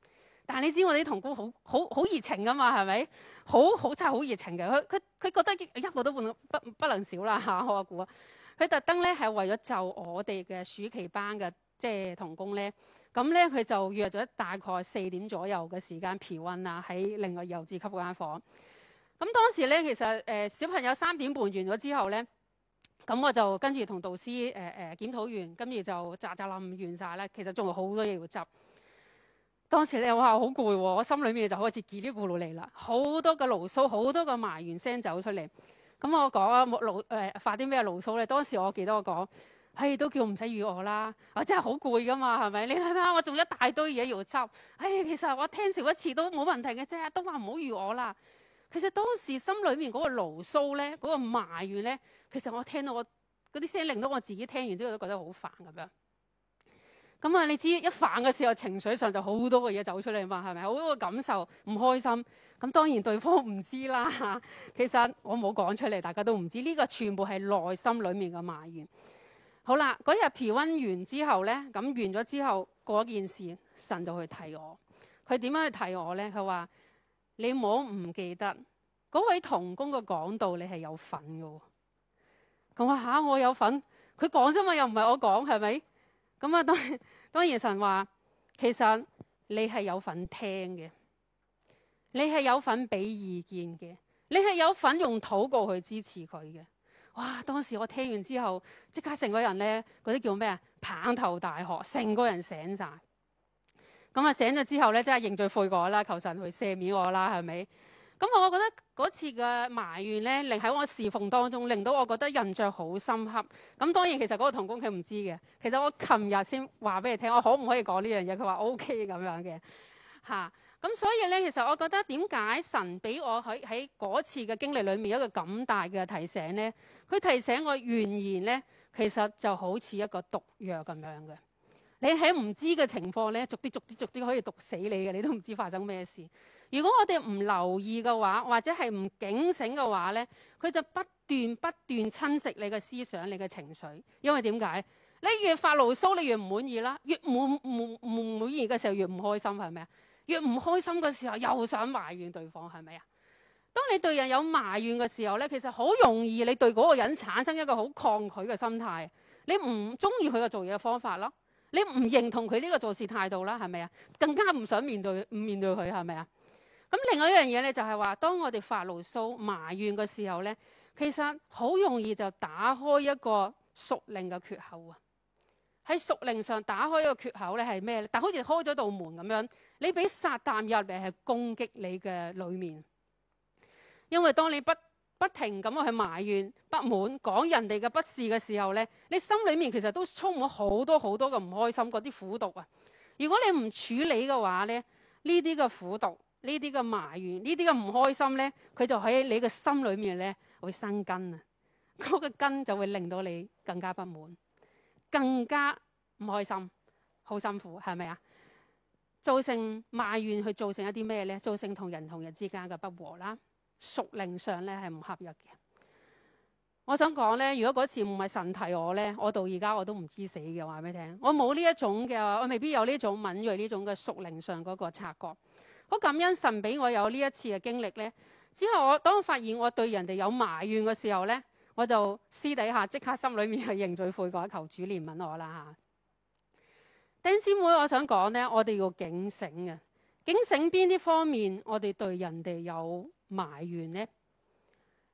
S1: 但係你知我啲童工好好好熱情噶嘛？係咪？好好真係好熱情嘅。佢佢佢覺得一個都半不不能少啦嚇！我阿姑啊，佢特登咧係為咗就我哋嘅暑期班嘅即係童工咧，咁咧佢就約咗大概四點左右嘅時間皮温啊，喺另外幼稚級嗰間房。咁當時咧其實誒、呃、小朋友三點半完咗之後咧。咁我就跟住同導師誒誒、呃欸、檢討完，跟住就雜雜冧完晒啦。其實仲有好多嘢要執。當時咧、喔，我話好攰喎，心裏面就開始嘰哩咕嚕嚟啦。好多嘅牢騷，好多嘅埋怨聲走出嚟。咁我講啊，牢誒發啲咩牢騷咧？當時我記得我講：誒、欸、都叫唔使預我啦。我真係好攰噶嘛，係咪？你睇下，我做一大堆嘢要執。誒、欸，其實我聽少一次都冇問題嘅啫。都話唔好預我啦。其實當時心裏面嗰個牢騷咧，嗰、嗰個埋怨咧，其實我聽到我嗰啲聲，令到我自己聽完之後都覺得好煩咁樣。咁啊，你知一煩嘅時候，情緒上就好多嘅嘢走出嚟嘛，係咪好多個感受唔開心？咁當然對方唔知啦吓。其實我冇講出嚟，大家都唔知呢、呢個全部係內心裏面嘅埋怨。好啦，嗰日皮溫完之後呢，咁完咗之後，嗰件事神就去睇我。佢點樣去睇我呢？佢話你唔好唔記得嗰位同工嘅講道，你係有份嘅。咁話吓我有份，佢講啫嘛，又唔係我講，係咪？咁、嗯、啊，當當神話，其實你係有份聽嘅，你係有份俾意見嘅，你係有份用禱告去支持佢嘅。哇！當時我聽完之後，即刻成個人咧，嗰啲叫咩啊？棒頭大喝，成個人醒晒。咁、嗯、啊，醒咗之後咧，即係認罪悔改啦，求神去赦免我啦，係咪？咁我覺得嗰次嘅埋怨咧，令喺我侍奉當中，令到我覺得印象好深刻。咁當然其實嗰個童工佢唔知嘅。其實我琴日先話俾你聽，我可唔可以講呢樣嘢？佢話 O K 咁樣嘅，嚇。咁所以咧，其實我覺得點解神俾我喺喺嗰次嘅經歷裏面一個咁大嘅提醒咧？佢提醒我謠言咧，其實就好似一個毒藥咁樣嘅。你喺唔知嘅情況咧，逐啲逐啲逐啲可以毒死你嘅，你都唔知發生咩事。如果我哋唔留意嘅話，或者係唔警醒嘅話咧，佢就不斷不斷侵蝕你嘅思想、你嘅情緒。因為點解？你越發牢騷，你越唔滿意啦；越唔滿唔滿，滿意嘅時候，越唔開心，係咪啊？越唔開心嘅時候，又想埋怨對方，係咪啊？當你對人有埋怨嘅時候咧，其實好容易你對嗰個人產生一個好抗拒嘅心態。你唔中意佢嘅做嘢嘅方法咯，你唔認同佢呢個做事態度啦，係咪啊？更加唔想面對唔面對佢，係咪啊？是咁另外一樣嘢咧，就係話，當我哋發牢騷埋怨嘅時候咧，其實好容易就打開一個屬靈嘅缺口啊！喺屬靈上打開一個缺口咧，係咩咧？但好似開咗道門咁樣，你俾撒旦入嚟係攻擊你嘅裏面。因為當你不不停咁去埋怨、不滿、講人哋嘅不是嘅時候咧，你心裏面其實都充滿好多好多嘅唔開心，嗰啲苦毒啊！如果你唔處理嘅話咧，呢啲嘅苦毒。呢啲嘅埋怨，呢啲嘅唔開心咧，佢就喺你嘅心裏面咧，會生根啊！嗰個根就會令到你更加不滿，更加唔開心，好辛苦，係咪啊？造成埋怨去造成一啲咩咧？造成同人同人之間嘅不和啦，屬靈上咧係唔合一嘅。我想講咧，如果嗰次唔係神提我咧，我到而家我都唔知死嘅。話俾你聽，我冇呢一種嘅，我未必有呢種敏鋭呢種嘅屬靈上嗰個察覺。好感恩神俾我有呢一次嘅經歷呢。之後我當我發現我對人哋有埋怨嘅時候呢，我就私底下即刻心裏面係認罪悔改，求主憐憫我啦吓。丁姊妹，我想講呢，我哋要警醒嘅，啊，警醒邊啲方面我哋對人哋有埋怨呢？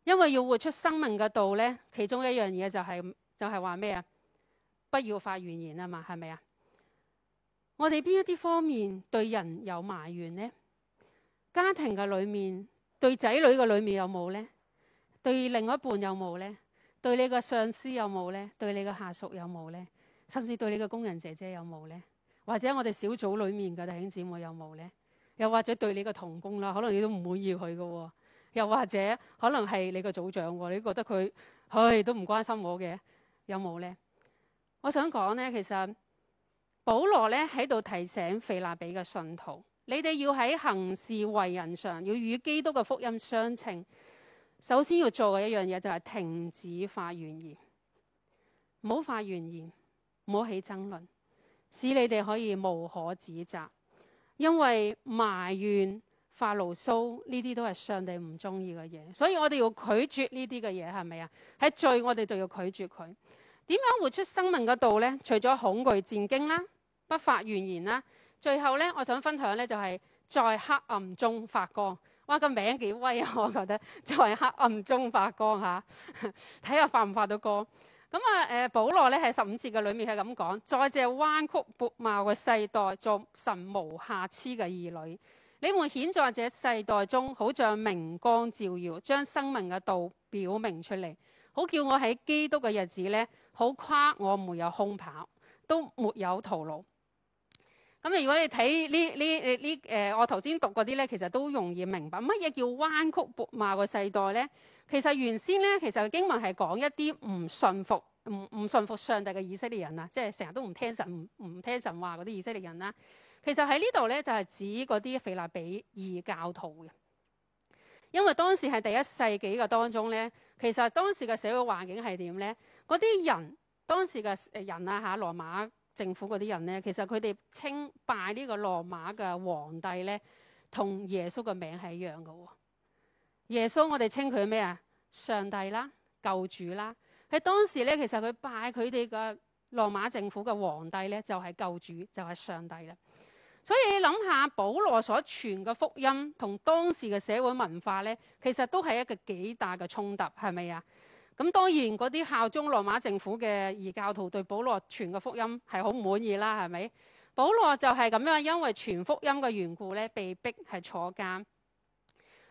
S1: 因為要活出生命嘅道呢，其中一樣嘢就係、是、就係話咩啊？不要發怨言啊嘛，係咪啊？我哋邊一啲方面對人有埋怨呢？家庭嘅裏面，對仔女嘅裏面有冇呢？對另一半有冇呢？對你個上司有冇呢？對你個下屬有冇呢？甚至對你個工人姐姐有冇呢？或者我哋小組裏面嘅弟兄姊妹有冇呢？又或者對你個同工啦，可能你都唔滿意佢嘅，又或者可能係你個組長，你覺得佢，唉，都唔關心我嘅，有冇呢？我想講呢，其實保羅呢喺度提醒腓立比嘅信徒。你哋要喺行事為人上，要與基督嘅福音相稱。首先要做嘅一樣嘢就係停止發怨言，唔好發怨言，唔好起爭論，使你哋可以無可指責。因為埋怨、發牢騷呢啲都係上帝唔中意嘅嘢，所以我哋要拒絕呢啲嘅嘢，係咪啊？係罪，我哋就要拒絕佢。點樣活出生命嘅道呢？除咗恐懼、戰驚啦，不發怨言啦。最後咧，我想分享咧就係在，在黑暗中發光。哇，個名幾威啊！我覺得在黑暗中發光吓，睇下發唔發到光。咁啊誒，保羅咧喺十五節嘅裏面係咁講：在這彎曲悖謬嘅世代，作神無瑕疵嘅兒女，你們顯在這世代中，好像明光照耀，將生命嘅道表明出嚟，好叫我喺基督嘅日子咧，好誇我沒有空跑，都沒有徒勞。咁如果你睇呢呢呢誒，我頭先讀嗰啲咧，其實都容易明白乜嘢叫彎曲悖謬個世代咧？其實原先咧，其實經文係講一啲唔信服、唔唔信服上帝嘅以色列人啊，即係成日都唔聽神、唔唔聽神話嗰啲以色列人啦。其實喺呢度咧，就係、是、指嗰啲腓立比異教徒嘅，因為當時係第一世紀嘅當中咧，其實當時嘅社會環境係點咧？嗰啲人當時嘅人啊嚇，羅馬。政府嗰啲人咧，其實佢哋稱拜呢個羅馬嘅皇帝咧，同耶穌嘅名係一樣嘅喎、哦。耶穌我哋稱佢咩啊？上帝啦，救主啦。喺當時咧，其實佢拜佢哋嘅羅馬政府嘅皇帝咧，就係、是、救主，就係、是、上帝啦。所以你諗下，保羅所傳嘅福音同當時嘅社會文化咧，其實都係一個幾大嘅衝突，係咪啊？咁當然嗰啲效忠羅馬政府嘅異教徒對保羅傳嘅福音係好唔滿意啦，係咪？保羅就係咁樣，因為傳福音嘅緣故咧，被逼係坐監。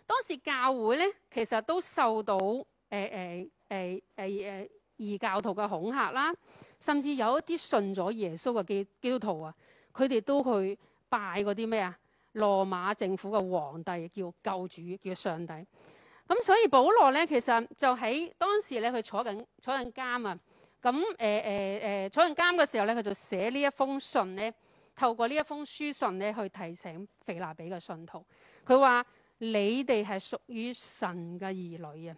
S1: 當時教會咧，其實都受到誒誒誒誒誒異教徒嘅恐嚇啦，甚至有一啲信咗耶穌嘅基，基督徒啊，佢哋都去拜嗰啲咩啊？羅馬政府嘅皇帝，叫救主，叫上帝。咁所以保羅咧，其實就喺當時咧，佢坐緊坐緊監啊。咁誒誒誒，坐緊監嘅時候咧，佢就寫呢一封信咧，透過呢一封書信咧，去提醒腓立比嘅信徒。佢話你哋係屬於神嘅兒女啊！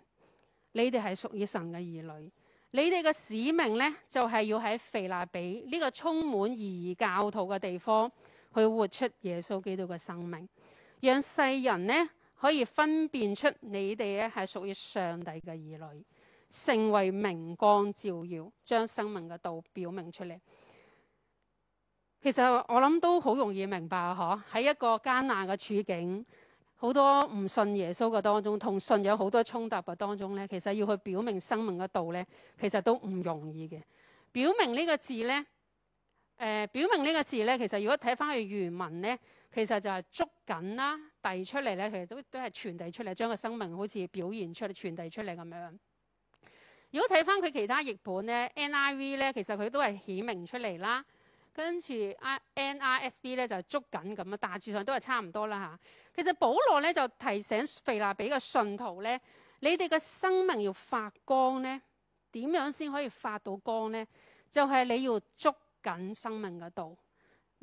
S1: 你哋係屬於神嘅兒女。你哋嘅使命咧，就係、是、要喺腓立比呢、這個充滿異教徒嘅地方，去活出耶穌基督嘅生命，讓世人咧。可以分辨出你哋咧，係屬於上帝嘅兒女，成為明光照耀，將生命嘅道表明出嚟。其實我諗都好容易明白嗬，喺一個艱難嘅處境，好多唔信耶穌嘅當中，同信有好多衝突嘅當中咧，其實要去表明生命嘅道咧，其實都唔容易嘅。表明呢個字咧，誒、呃，表明呢個字咧，其實如果睇返去原文咧。其實就係捉緊啦，遞出嚟咧，其實都都係傳遞出嚟，將個生命好似表現出、嚟，傳遞出嚟咁樣。如果睇返佢其他譯本咧，NIV 咧，其實佢都係顯明出嚟啦。跟住 I NRSV 咧就係、是、捉緊咁啊，大致上都係差唔多啦吓。其實保羅咧就提醒腓立比嘅信徒咧，你哋嘅生命要發光咧，點樣先可以發到光咧？就係、是、你要捉緊生命嘅道。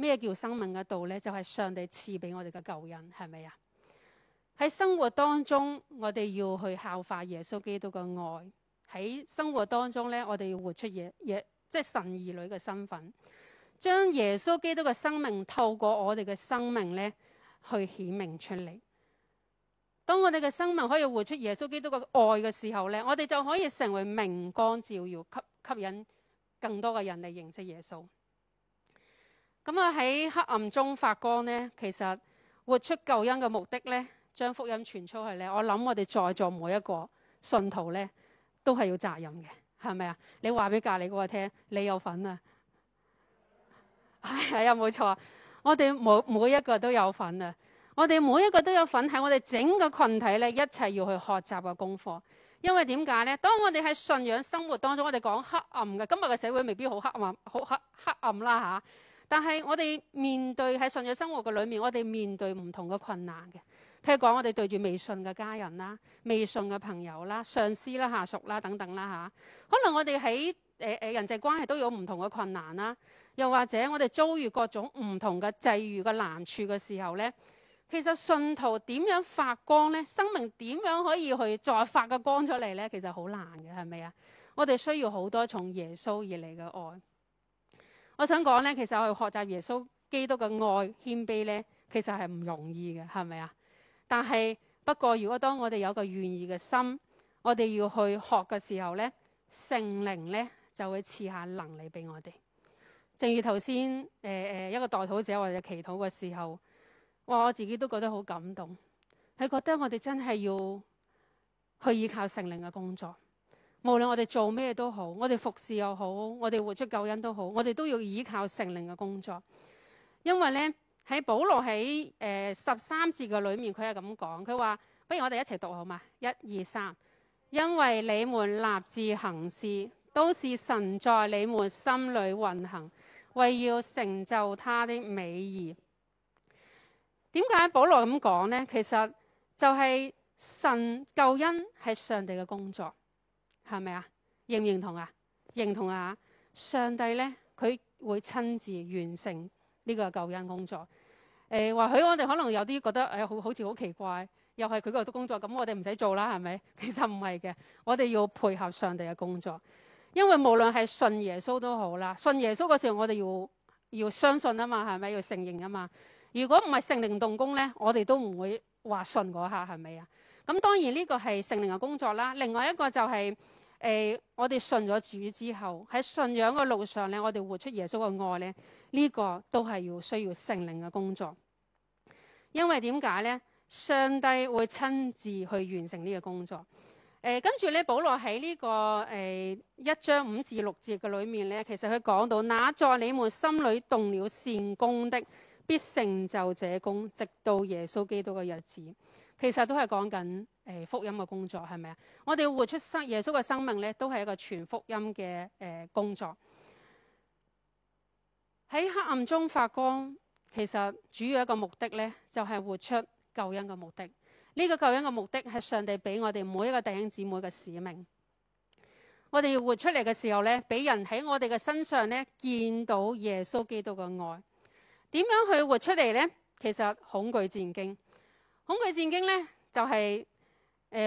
S1: 咩叫生命嘅道呢？就係上帝賜俾我哋嘅救恩，係咪啊？喺生活當中，我哋要去效法耶穌基督嘅愛。喺生活當中呢，我哋要活出耶耶，即係神兒女嘅身份，將耶穌基督嘅生命透過我哋嘅生命呢去顯明出嚟。當我哋嘅生命可以活出耶穌基督嘅愛嘅時候呢，我哋就可以成為明光照耀，吸吸引更多嘅人嚟認識耶穌。咁啊！喺黑暗中發光咧，其實活出救恩嘅目的咧，將福音傳出去咧。我諗我哋在座每一個信徒咧，都係要責任嘅，係咪啊？你話俾隔離嗰個聽，你有份啊！係、哎、啊，冇錯。我哋每每一個都有份啊！我哋每一個都有份喺我哋整個群體咧，一切要去學習嘅功課。因為點解咧？當我哋喺信仰生活當中，我哋講黑暗嘅，今日嘅社會未必好黑暗，好黑黑暗啦嚇。但係我哋面對喺信仰生活嘅裏面，我哋面對唔同嘅困難嘅。譬如講我哋對住未信嘅家人啦、未信嘅朋友啦、上司啦、下屬啦等等啦吓，可能我哋喺誒誒人際關係都有唔同嘅困難啦。又或者我哋遭遇各種唔同嘅際遇嘅難處嘅時候咧，其實信徒點樣發光咧？生命點樣可以去再發個光出嚟咧？其實好難嘅，係咪啊？我哋需要好多從耶穌而嚟嘅愛。我想講咧，其實我哋學習耶穌基督嘅愛謙卑咧，其實係唔容易嘅，係咪啊？但係不過如果當我哋有個願意嘅心，我哋要去學嘅時候咧，聖靈咧就會賜下能力俾我哋。正如頭先誒誒一個代禱者或者祈禱嘅時候，哇！我自己都覺得好感動，係覺得我哋真係要去依靠聖靈嘅工作。無論我哋做咩都好，我哋服侍又好，我哋活出救恩都好，我哋都要依靠聖靈嘅工作。因為呢，喺保羅喺誒十三節嘅裏面，佢係咁講，佢話不如我哋一齊讀好嘛？一二三，因為你們立志行事，都是神在你們心裏運行，為要成就他的美意。點解保羅咁講呢？其實就係神救恩係上帝嘅工作。係咪啊？認唔認同啊？認同啊！上帝咧，佢會親自完成呢個救恩工作。誒、欸，或許我哋可能有啲覺得誒、哎，好好似好奇怪，又係佢個啲工作，咁我哋唔使做啦，係咪？其實唔係嘅，我哋要配合上帝嘅工作。因為無論係信耶穌都好啦，信耶穌嗰時候我哋要要相信啊嘛，係咪要承認啊嘛？如果唔係聖靈動工咧，我哋都唔會話信嗰下，係咪啊？咁當然呢個係聖靈嘅工作啦。另外一個就係、是。誒，我哋信咗主之後，喺信仰嘅路上咧，我哋活出耶穌嘅愛咧，呢、呢個都係要需要聖靈嘅工作。因為點解呢？上帝會親自去完成呢個工作。誒，跟住咧，保羅喺呢、呢個誒一章五至六節嘅裏面呢，其實佢講到，那在你們心裏動了善工的，必成就這工，直到耶穌基督嘅日子。其實都係講緊。誒，福音嘅工作係咪啊？我哋活出生耶穌嘅生命咧，都係一個全福音嘅誒工作。喺黑暗中發光，其實主要一個目的咧，就係、是、活出救恩嘅目的。呢、這個救恩嘅目的係上帝俾我哋每一個弟兄姊妹嘅使命。我哋要活出嚟嘅時候咧，俾人喺我哋嘅身上咧見到耶穌基督嘅愛。點樣去活出嚟呢？其實恐懼戰兢，恐懼戰兢咧就係、是。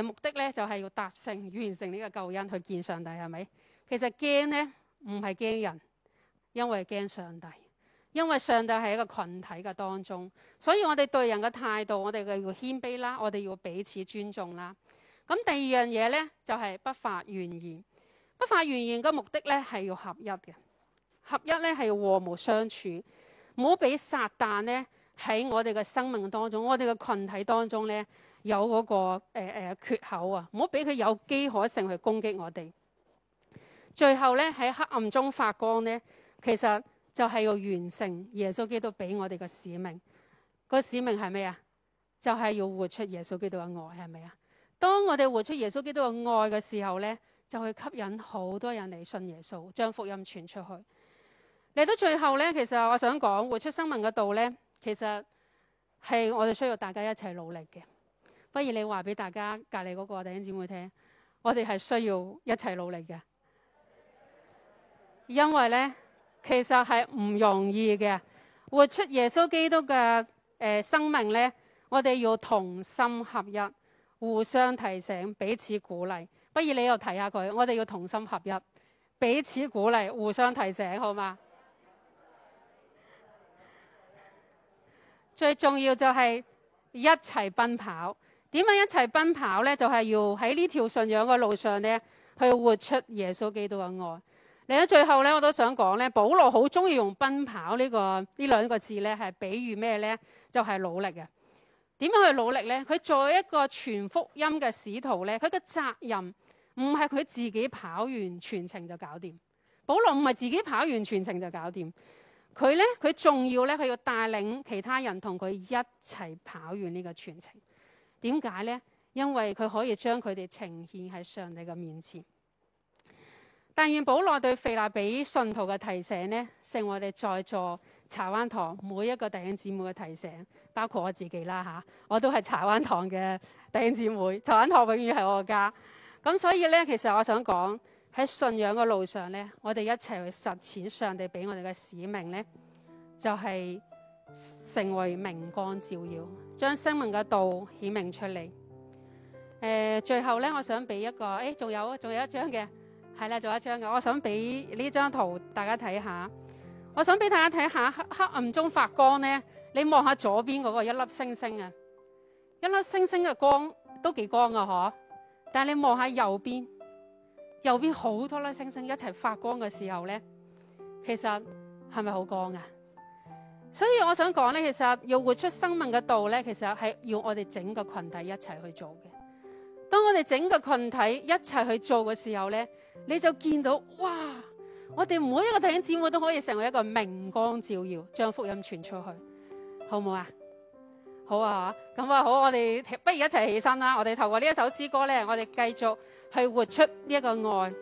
S1: 目的咧就係、是、要達成、完成呢個救恩去見上帝，係咪？其實驚呢，唔係驚人，因為驚上帝，因為上帝係一個群體嘅當中，所以我哋對人嘅態度，我哋嘅要謙卑啦，我哋要彼此尊重啦。咁第二樣嘢呢，就係、是、不發怨言，不發怨言嘅目的呢，係要合一嘅，合一咧係和睦相處，唔好俾撒旦呢喺我哋嘅生命當中，我哋嘅群體當中呢。有嗰、嗰個誒誒、呃呃、缺口啊，唔好俾佢有機可乘去攻擊我哋。最後咧喺黑暗中發光咧，其實就係要完成耶穌基督俾我哋嘅使命。個使命係咩啊？就係、是、要活出耶穌基督嘅愛，係咪啊？當我哋活出耶穌基督嘅愛嘅時候咧，就會吸引好多人嚟信耶穌，將福音傳出去。嚟到最後咧，其實我想講活出生命嘅道咧，其實係我哋需要大家一齊努力嘅。不如你話俾大家隔籬嗰個弟兄姊妹聽，我哋係需要一齊努力嘅，因為咧其實係唔容易嘅，活出耶穌基督嘅誒生命咧，我哋要同心合一，互相提醒，彼此鼓勵。不如你又提下佢，我哋要同心合一，彼此鼓勵，互相提醒，好嘛？最重要就係一齊奔跑。點樣一齊奔跑呢？就係要喺呢條信仰嘅路上呢，去活出耶穌基督嘅愛。嚟到最後呢，我都想講呢，保羅好中意用奔跑呢個呢兩個字呢，係比喻咩呢？就係努力嘅。點樣去努力呢？佢作為一個全福音嘅使徒呢，佢嘅責任唔係佢自己跑完全程就搞掂。保羅唔係自己跑完全程就搞掂，佢呢，佢仲要呢，佢要帶領其他人同佢一齊跑完呢個全程。點解呢？因為佢可以將佢哋呈現喺上帝嘅面前。但願保羅對腓立比信徒嘅提醒呢，成我哋在座柴灣堂每一個弟兄姊妹嘅提醒，包括我自己啦吓，我都係柴灣堂嘅弟兄姊妹，柴灣堂永遠係我家。咁所以呢，其實我想講喺信仰嘅路上呢，我哋一齊去實踐上帝俾我哋嘅使命呢，就係，是。成為明光照耀，將生命嘅道顯明出嚟。誒、呃，最後咧，我想俾一個，誒、哎，仲有，仲有一張嘅，係啦，仲有一張嘅，我想俾呢張圖大家睇下。我想俾大家睇下黑，黑暗中發光呢。你望下左邊嗰，那個一粒星星啊，一粒星星嘅光都幾光噶呵，但係你望下右邊，右邊好多粒星星一齊發光嘅時候呢，其實係咪好光啊？所以我想講咧，其實要活出生命嘅道咧，其實係要我哋整個群體一齊去做嘅。當我哋整個群體一齊去做嘅時候咧，你就見到哇！我哋每一個弟兄姊妹都可以成為一個明光照耀，將福音傳出去，好唔好啊？好啊！咁啊！好，我哋不如一齊起身啦。我哋透過呢一首詩歌咧，我哋繼續去活出呢一個愛。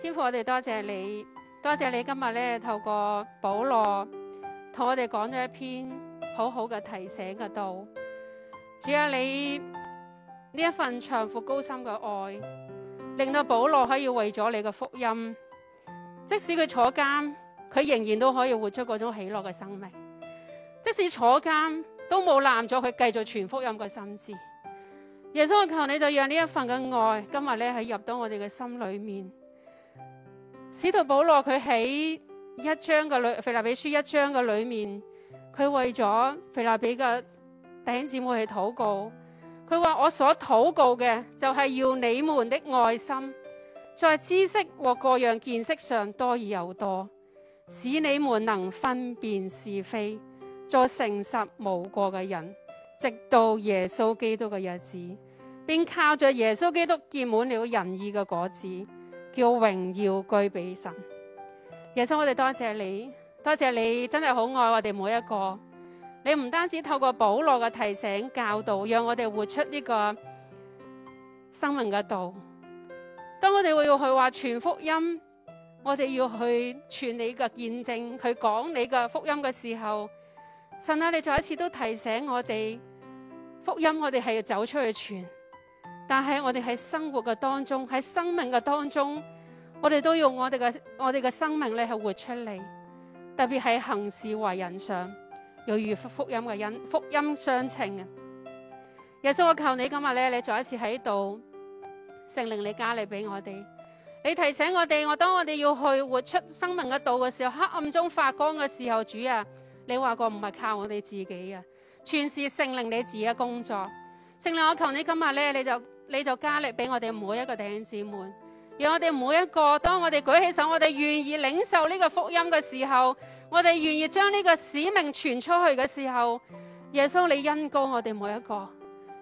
S1: 天父，我哋多謝你，多謝你今日咧，透過保羅。同我哋講咗一篇好好嘅提醒嘅道，只有你呢一份長闊高深嘅愛，令到保羅可以為咗你嘅福音，即使佢坐監，佢仍然都可以活出嗰種喜樂嘅生命。即使坐監都冇攔咗佢繼續傳福音嘅心思。耶穌，我求你就讓呢一份嘅愛，今日咧喺入到我哋嘅心裏面。使徒保羅佢喺。一章嘅裏，腓立比書一章嘅裏面，佢為咗腓立比嘅弟兄姊妹去禱告，佢話，我所禱告嘅就係要你們的愛心，在知識和各樣見識上多而又多，使你們能分辨是非，做誠實無過嘅人，直到耶穌基督嘅日子，並靠着耶穌基督結滿了仁義嘅果子，叫榮耀歸俾神。耶穌，我哋多謝你，多謝你真係好愛我哋每一個。你唔單止透過保羅嘅提醒教導，讓我哋活出呢個生命嘅道。當我哋會要去話傳福音，我哋要去傳你嘅見證，去講你嘅福音嘅時候，神啊，你再一次都提醒我哋福音，我哋係要走出去傳。但係我哋喺生活嘅當中，喺生命嘅當中。我哋都用我哋嘅我哋嘅生命咧，去活出嚟，特別係行事為人上，猶如福音嘅恩福音相稱啊！耶穌，我求你今日你再一次喺度，聖靈你加力畀我哋，你提醒我哋，我當我哋要去活出生命嘅道嘅時候，黑暗中發光嘅時候，主啊，你話過唔係靠我哋自己，全是聖靈你自己的工作。聖靈，我求你今日你就你就加力畀我哋每一個弟兄姊妹。讓我哋每一個，當我哋舉起手，我哋願意領受呢個福音嘅時候，我哋願意將呢個使命傳出去嘅時候，耶穌你恩膏我哋每一個，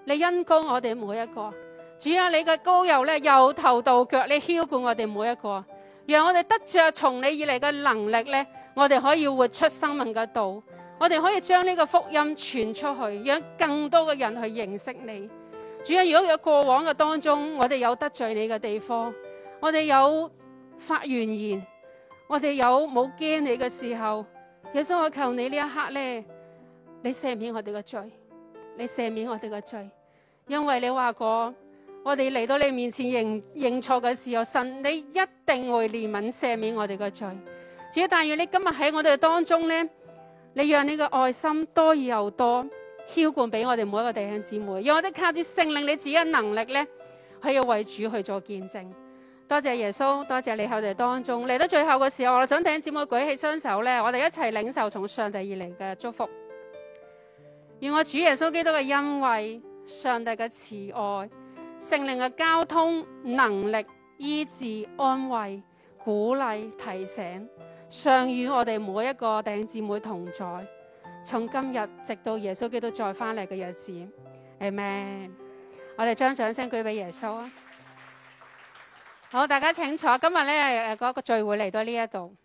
S1: 你恩膏我哋每一個，主啊，你嘅膏油呢，由頭到腳，你澆灌我哋每一個，讓我哋得着從你以來嘅能力呢，我哋可以活出生命嘅道，我哋可以將呢個福音傳出去，讓更多嘅人去認識你。主啊，如果有過往嘅當中，我哋有得罪你嘅地方。我哋有發怨言，我哋有冇驚你嘅時候，其實，我求你呢一刻咧，你赦免我哋嘅罪，你赦免我哋嘅罪，因為你話過，我哋嚟到你面前認認錯嘅時候，神你一定會憐憫赦免我哋嘅罪。主，但願你今日喺我哋當中咧，你讓你嘅愛心多而又多，澆灌俾我哋每一個弟兄姊妹，讓我哋靠住聖靈你自己嘅能力咧，係要為主去做見證。多謝耶穌，多謝你喺我哋當中。嚟到最後嘅時候，我想弟兄姊妹舉起雙手，呢，我哋一齊領受從上帝而嚟嘅祝福。願我主耶穌基督嘅恩惠、上帝嘅慈愛、聖靈嘅交通能力、醫治、安慰、鼓勵、提醒，常與我哋每一個弟兄姊妹同在，從今日直到耶穌基督再返嚟嘅日子。Amen。我哋將掌聲舉俾耶穌！好，大家請坐。今日咧誒嗰個聚會嚟到呢一度。